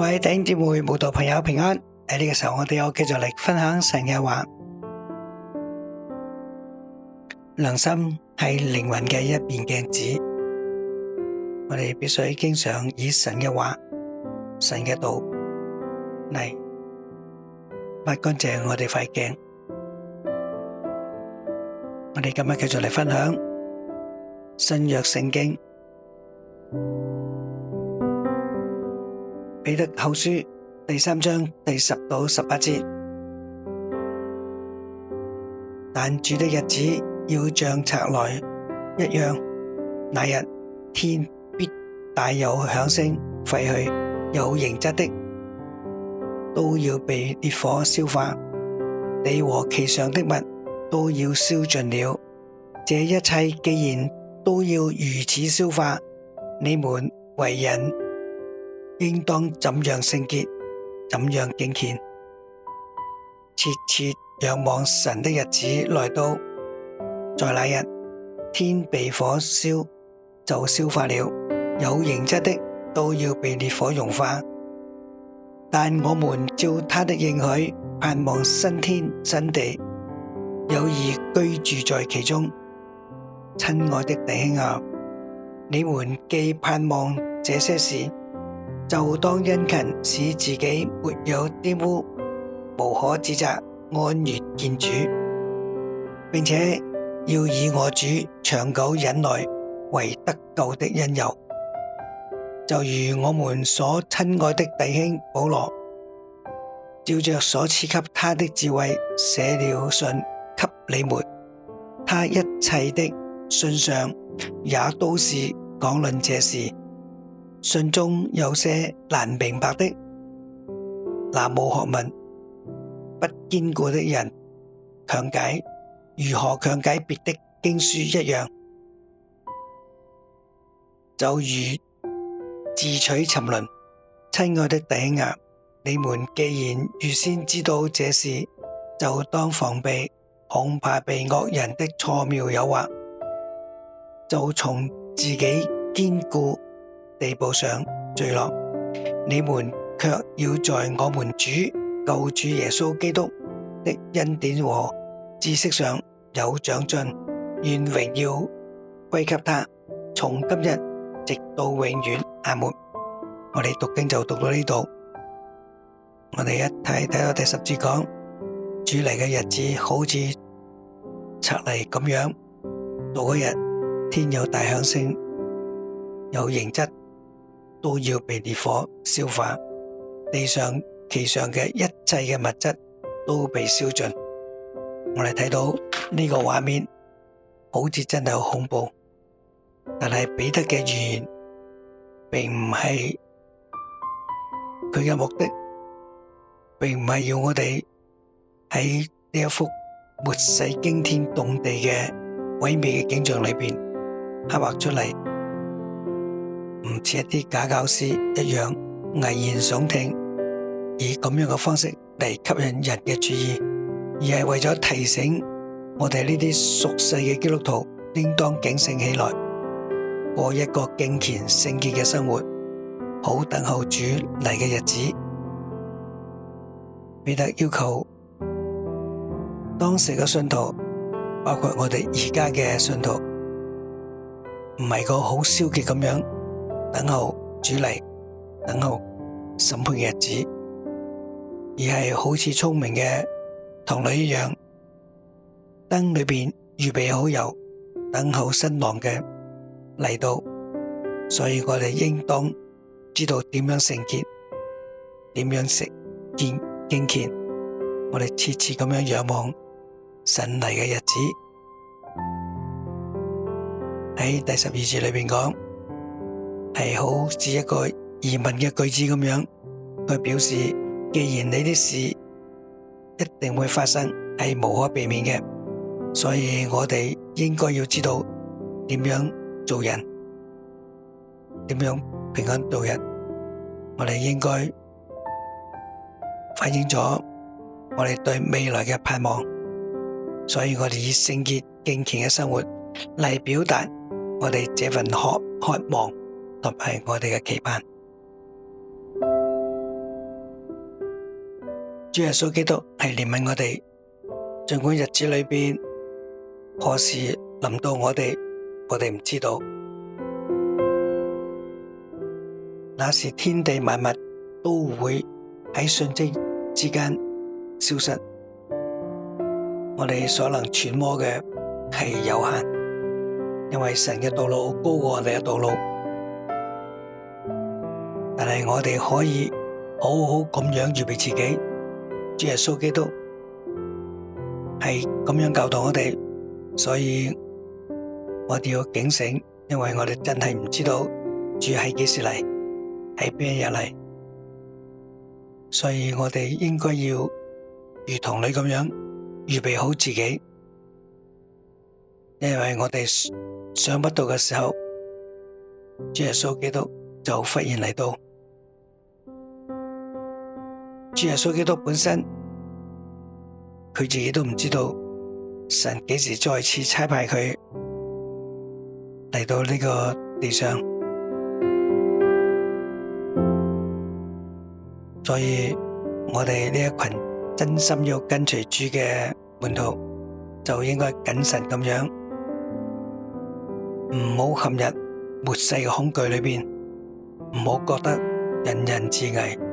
各位弟兄姊妹、慕道朋友平安。喺呢個時候，我哋又繼續嚟分享神嘅話。良心係靈魂嘅一面鏡子，我哋必須經常以神嘅話、神嘅道嚟抹乾淨我哋塊鏡。我哋今日繼續嚟分享新約聖經。彼得後書第三章第十到十八節，但主的日子要像賊來一樣，那日天必大有響聲廢去，有形質的都要被烈火消化，地和其上的物都要燒盡了。這一切既然都要如此消化，你們為人，應當怎樣聖潔，怎樣敬虔，切切仰望神的日子來到。在那日，天被火燒，就消化了。有形質的，都要被烈火融化。但我們照他的應許，盼望新天、新地，有義居住在其中。親愛的弟兄啊，你們既盼望這些事，就當殷勤，使自己沒有玷污，無可指責，安然見主，並且要以我主長久忍耐為得救的因由。就如我們所親愛的弟兄保羅，照着所賜給他的智慧寫了信給你們，他一切的信上也都是講論這事。信中有些難明白的，那無學問、不堅固的人，強解如何強解？別的經書一樣，就如自取沉淪。親愛的弟兄們，你們既然預先知道這事，就當防備，恐怕被惡人的錯謬誘惑，就從自己堅固地步上墜落，你們卻要在我們主救主耶穌基督的恩典和知識上有長進，願榮耀歸給他，從今日直到永遠。阿門。我哋讀經就讀到呢度，我哋一睇睇到第十節講主嚟嘅日子好似拆嚟咁樣，到嗰日天有大響聲，有形質。都要被烈火銷化，地上其上嘅一切嘅物質都被燒盡。我哋睇到呢個畫面，好似真係好恐怖。但係彼得嘅預言，並唔係佢嘅目的，並唔係要我哋喺呢一幅末世驚天動地嘅毀滅嘅景象裏邊刻畫出嚟。唔似一啲假教師一樣危言聳聽，以咁樣嘅方式嚟吸引人嘅注意，而係為咗提醒我哋呢啲俗世嘅基督徒應當警醒起來，過一個敬虔聖潔嘅生活，好等候主嚟嘅日子。彼得要求當時嘅信徒，包括我哋而家嘅信徒，唔係個好消極咁樣。等候主嚟，等候審判嘅日子，而係好似聰明嘅童女一樣，燈裏邊預備好油，等候新郎嘅嚟到，所以我哋應當知道點樣聖潔，點樣食見敬虔，我哋次次咁樣仰望神嚟嘅日子。喺第十二節裏邊講。係好似一個疑問嘅句子咁樣去表示，既然你啲事一定會發生，係無可避免嘅，所以我哋應該要知道點樣做人，點樣平安度日。我哋應該反映咗我哋對未來嘅盼望，所以我哋以聖潔敬虔嘅生活嚟表達我哋這份渴渴望。特別係我哋嘅期盼，主耶穌基督係憐憫我哋。盡管日子裏邊何時臨到我哋，我哋唔知道。那時天地萬物都會喺瞬息之間消失，我哋所能揣摩嘅係有限，因為神嘅道路高過我哋嘅道路。但係我哋可以好好咁樣預備自己，主耶穌基督係咁樣教導我哋，所以我哋要警醒，因為我哋真係唔知道主係幾時嚟，係邊一日嚟，所以我哋應該要如同你咁樣預備好自己，因為我哋想不到嘅時候，主耶穌基督就忽然嚟到。主耶穌基督本身，佢自己都唔知道神幾時再次差派佢嚟到呢個地上，所以我哋呢一群真心要跟隨主嘅門徒，就應該謹慎咁樣，唔好陷入末世嘅恐懼裏邊，唔好覺得人人自危。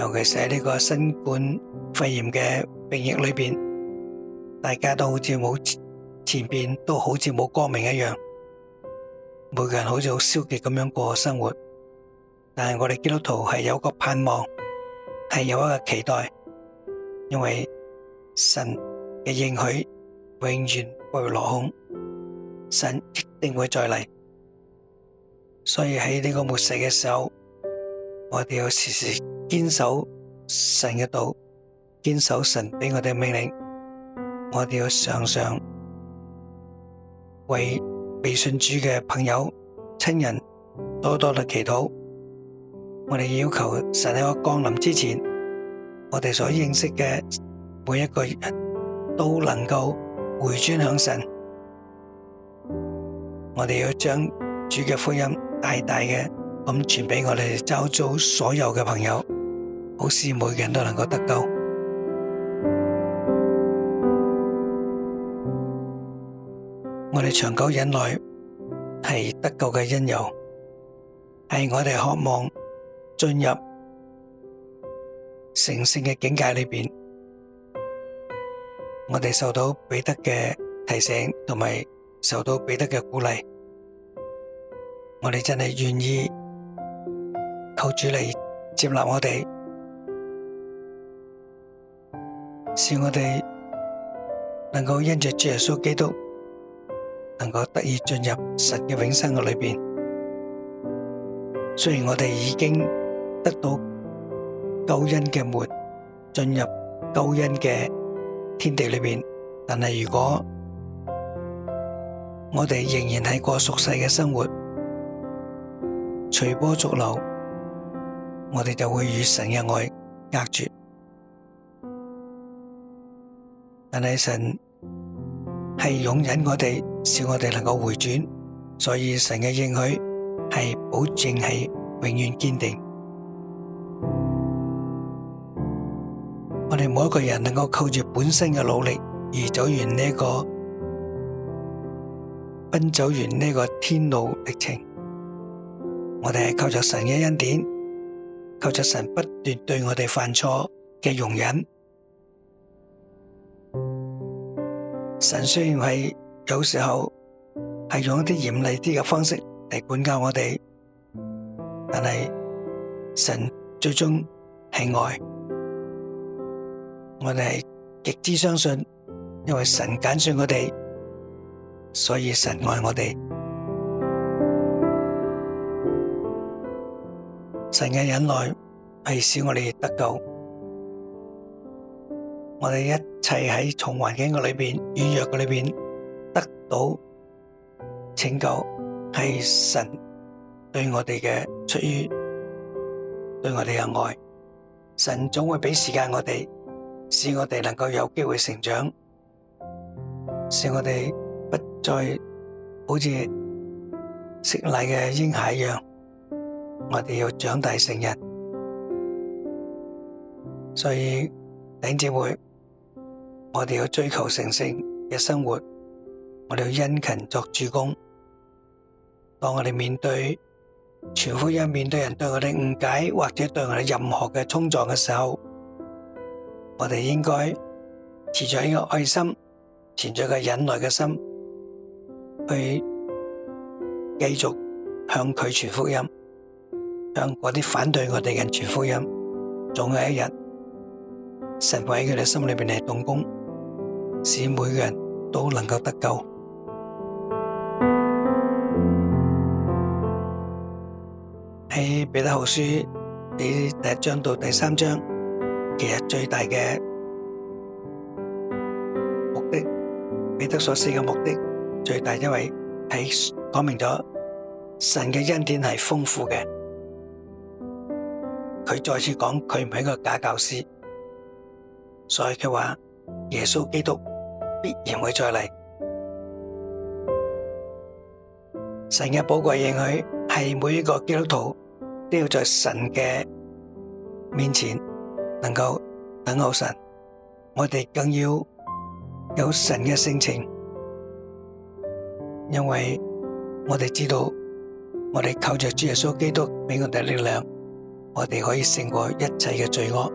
尤其是喺呢個新冠肺炎嘅病疫裏邊，大家都好似冇前邊都好似冇光明一樣，每個人好似好消極咁樣過生活。但係我哋基督徒係有一個盼望，係有一個期待，因為神嘅應許永遠不會落空，神一定會再嚟。所以喺呢個末世嘅時候。我哋要時時堅守神嘅道，堅守神俾我哋嘅命令。我哋要常常為未信主嘅朋友、親人多多地祈禱。我哋要求神喺我降臨之前，我哋所認識嘅每一個人都能夠回轉向神。我哋要將主嘅福音大大嘅。咁傳俾我哋周遭所有嘅朋友，好使每個人都能夠得救。我哋長久忍耐係得救嘅因由，係我哋渴望進入成聖嘅境界裏邊。我哋受到彼得嘅提醒同埋受到彼得嘅鼓勵，我哋真係願意。靠主嚟接納我哋，使我哋能夠因着耶穌基督，能夠得以進入神嘅永生嘅裏邊。雖然我哋已經得到救恩嘅門，進入救恩嘅天地裏邊，但係如果我哋仍然係過俗世嘅生活，隨波逐流。我哋就會與神嘅愛隔絕，但係神係容忍我哋，使我哋能夠回轉，所以神嘅應許係保證係永遠堅定。我哋每一個人能夠靠住本身嘅努力而走完呢個奔走完呢個天路歷程，我哋係靠住神嘅恩典。靠着神不斷對我哋犯錯嘅容忍，神雖然係有時候係用一啲嚴厲啲嘅方式嚟管教我哋，但係神最終係愛我哋，係極之相信，因為神揀選我哋，所以神愛我哋。神嘅忍耐係使我哋得救，我哋一切喺重環境嘅裏邊、軟弱嘅裏邊得到拯救，係神對我哋嘅出於對我哋嘅愛。神總會俾時間我哋，使我哋能夠有機會成長，使我哋不再好似食奶嘅嬰孩一樣。我哋要長大成人，所以頂住會，我哋要追求成聖嘅生活，我哋要殷勤作主工。當我哋面對傳福音，面對人對我哋誤解或者對我哋任何嘅衝撞嘅時候，我哋應該持著一個愛心，持著個忍耐嘅心，去繼續向佢傳福音。向嗰啲反對我哋嘅人傳福音，總有一日神會喺佢哋心裏面嚟動工，使每個人都能夠得救。喺彼得後書，喺第一章到第三章，其實最大嘅目的，彼得所寫嘅目的最大因為係講明咗神嘅恩典係豐富嘅。佢再次講佢唔係一個假教師，所以佢話，耶穌基督必然會再嚟。神嘅寶貴應許係每一個基督徒都要在神嘅面前能夠等候神。我哋更要有神嘅性情，因為我哋知道我哋靠着主耶穌基督俾我哋力量。我哋可以勝過一切嘅罪惡，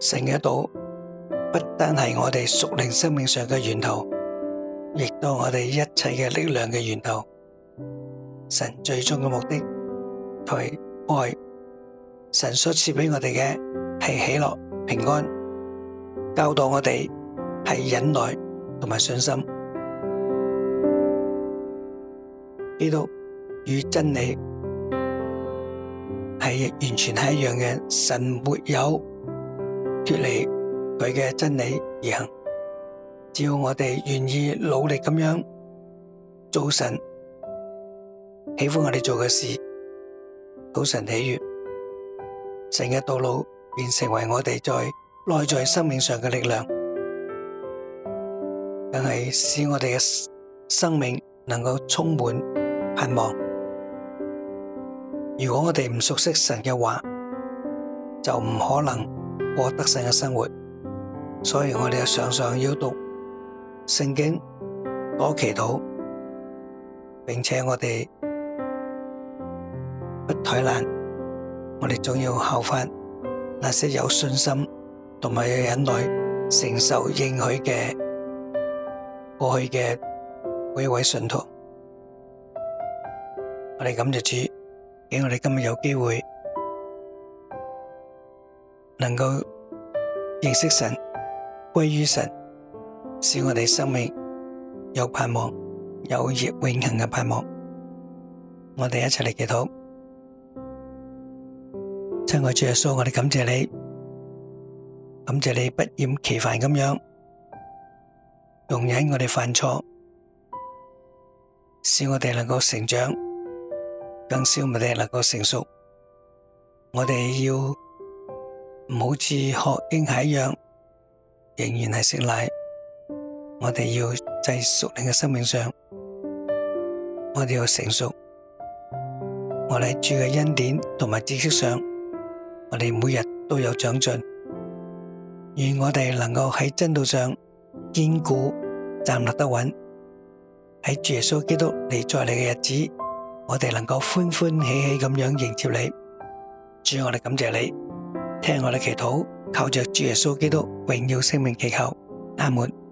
神嘅道不單係我哋屬靈生命上嘅源頭，亦都係我哋一切嘅力量嘅源頭。神最終嘅目的係愛，神所賜俾我哋嘅係喜樂、平安，教導我哋係忍耐同埋信心。呢度與真理係完全係一樣嘅，神沒有脱離佢嘅真理而行，只要我哋願意努力咁樣做，神喜歡我哋做嘅事，討神喜悅，成嘅道路便成為我哋在內在生命上嘅力量，更係使我哋嘅生命能夠充滿盼望。如果我哋唔熟悉神嘅話，就唔可能過得神嘅生活。所以我哋要常常要讀聖經，多祈禱，並且我哋不怠慢，我哋仲要效法那些有信心同埋要忍耐承受應許嘅過去嘅每一位信徒。我哋咁就知。俾我哋今日有機會能夠認識神、歸於神，使我哋生命有盼望、有熱永恆嘅盼望。我哋一齊嚟祈禱，親愛的主耶穌，我哋感謝你，感謝你不厭其煩咁樣容忍我哋犯錯，使我哋能夠成長。更少我哋能夠成熟，我哋要唔好似學嬰孩一樣，仍然係食奶。我哋要在熟練嘅生命上，我哋要成熟。我哋喺主嘅恩典同埋知識上，我哋每日都有長進。願我哋能夠喺真道上堅固，站立得穩，喺主耶穌基督嚟在你嘅日子。我哋能夠歡歡喜喜咁樣迎接你，主，我哋感謝你，聽我哋祈禱，靠着主耶穌基督榮耀聖名祈求，阿門。